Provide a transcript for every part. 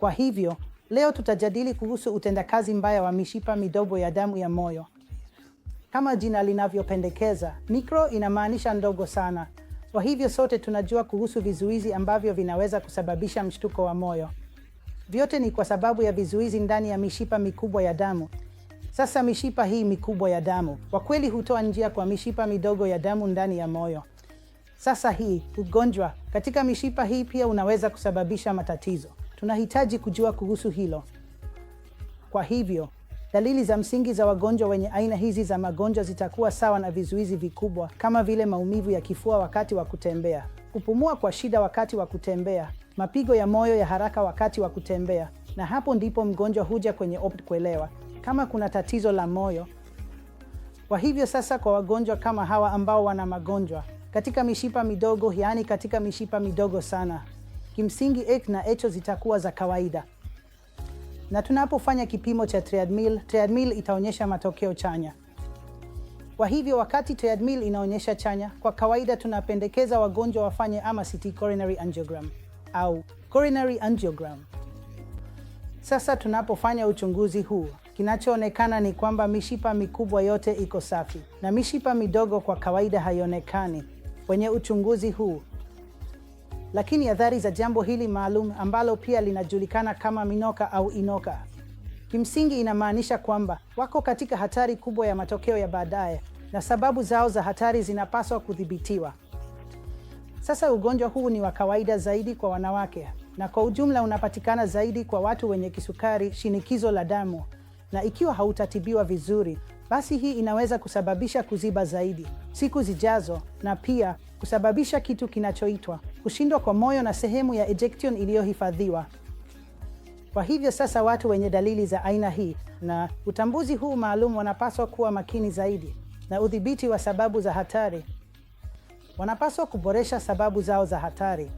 Kwa hivyo, leo tutajadili kuhusu utendakazi mbaya wa mishipa midogo ya damu ya moyo. Kama jina linavyopendekeza, mikro inamaanisha ndogo sana. Kwa hivyo sote tunajua kuhusu vizuizi ambavyo vinaweza kusababisha mshtuko wa moyo. Vyote ni kwa sababu ya vizuizi ndani ya mishipa mikubwa ya damu. Sasa mishipa hii mikubwa ya damu kwa kweli hutoa njia kwa mishipa midogo ya damu ndani ya moyo. Sasa hii ugonjwa katika mishipa hii pia unaweza kusababisha matatizo. Tunahitaji kujua kuhusu hilo. Kwa hivyo, dalili za msingi za wagonjwa wenye aina hizi za magonjwa zitakuwa sawa na vizuizi vikubwa kama vile maumivu ya kifua wakati wa kutembea, kupumua kwa shida wakati wa kutembea, mapigo ya moyo ya haraka wakati wa kutembea, na hapo ndipo mgonjwa huja kwenye OPD kuelewa kama kuna tatizo la moyo. Kwa hivyo sasa, kwa wagonjwa kama hawa ambao wana magonjwa katika mishipa midogo, yaani katika mishipa midogo sana kimsingi ek na echo zitakuwa za kawaida, na tunapofanya kipimo cha treadmill, treadmill itaonyesha matokeo chanya. Kwa hivyo wakati treadmill inaonyesha chanya, kwa kawaida tunapendekeza wagonjwa wafanye ama CT coronary angiogram au coronary angiogram. Sasa tunapofanya uchunguzi huu, kinachoonekana ni kwamba mishipa mikubwa yote iko safi na mishipa midogo kwa kawaida haionekani. Kwenye uchunguzi huu lakini athari za jambo hili maalum ambalo pia linajulikana kama minoka au inoka, kimsingi inamaanisha kwamba wako katika hatari kubwa ya matokeo ya baadaye na sababu zao za hatari zinapaswa kudhibitiwa. Sasa ugonjwa huu ni wa kawaida zaidi kwa wanawake na kwa ujumla unapatikana zaidi kwa watu wenye kisukari, shinikizo la damu, na ikiwa hautatibiwa vizuri basi hii inaweza kusababisha kuziba zaidi siku zijazo na pia kusababisha kitu kinachoitwa kushindwa kwa moyo na sehemu ya ejection iliyohifadhiwa. Kwa hivyo sasa, watu wenye dalili za aina hii na utambuzi huu maalum wanapaswa kuwa makini zaidi na udhibiti wa sababu za hatari. Wanapaswa kuboresha sababu zao za hatari.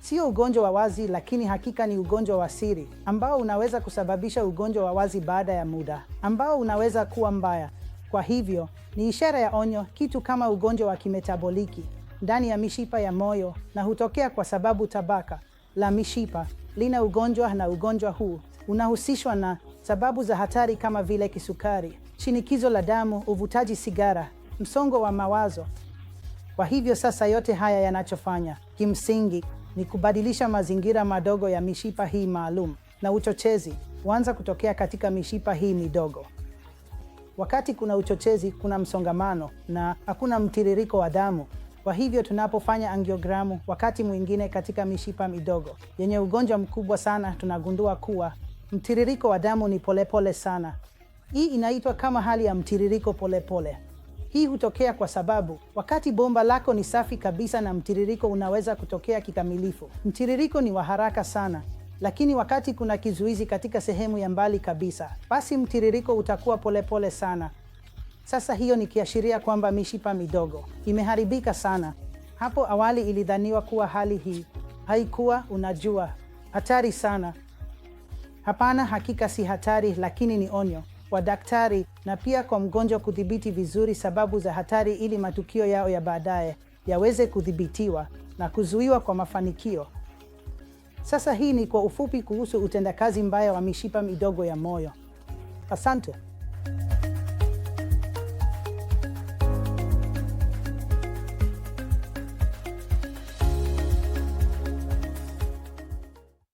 Sio ugonjwa wa wazi, lakini hakika ni ugonjwa wa siri ambao unaweza kusababisha ugonjwa wa wazi baada ya muda ambao unaweza kuwa mbaya. Kwa hivyo ni ishara ya onyo, kitu kama ugonjwa wa kimetaboliki ndani ya mishipa ya moyo, na hutokea kwa sababu tabaka la mishipa lina ugonjwa, na ugonjwa huu unahusishwa na sababu za hatari kama vile kisukari, shinikizo la damu, uvutaji sigara, msongo wa mawazo. Kwa hivyo sasa, yote haya yanachofanya kimsingi ni kubadilisha mazingira madogo ya mishipa hii maalum, na uchochezi huanza kutokea katika mishipa hii midogo. Wakati kuna uchochezi, kuna msongamano na hakuna mtiririko wa damu. Kwa hivyo tunapofanya angiogramu wakati mwingine katika mishipa midogo yenye ugonjwa mkubwa sana, tunagundua kuwa mtiririko wa damu ni polepole pole sana. Hii inaitwa kama hali ya mtiririko polepole pole. Hii hutokea kwa sababu wakati bomba lako ni safi kabisa na mtiririko unaweza kutokea kikamilifu, mtiririko ni wa haraka sana lakini wakati kuna kizuizi katika sehemu ya mbali kabisa, basi mtiririko utakuwa polepole pole sana. Sasa hiyo ni kiashiria kwamba mishipa midogo imeharibika sana. Hapo awali ilidhaniwa kuwa hali hii haikuwa, unajua, hatari sana. Hapana, hakika si hatari, lakini ni onyo wa daktari na pia kwa mgonjwa kudhibiti vizuri sababu za hatari ili matukio yao ya baadaye yaweze kudhibitiwa na kuzuiwa kwa mafanikio. Sasa hii ni kwa ufupi kuhusu utendakazi mbaya wa mishipa midogo ya moyo. Asante.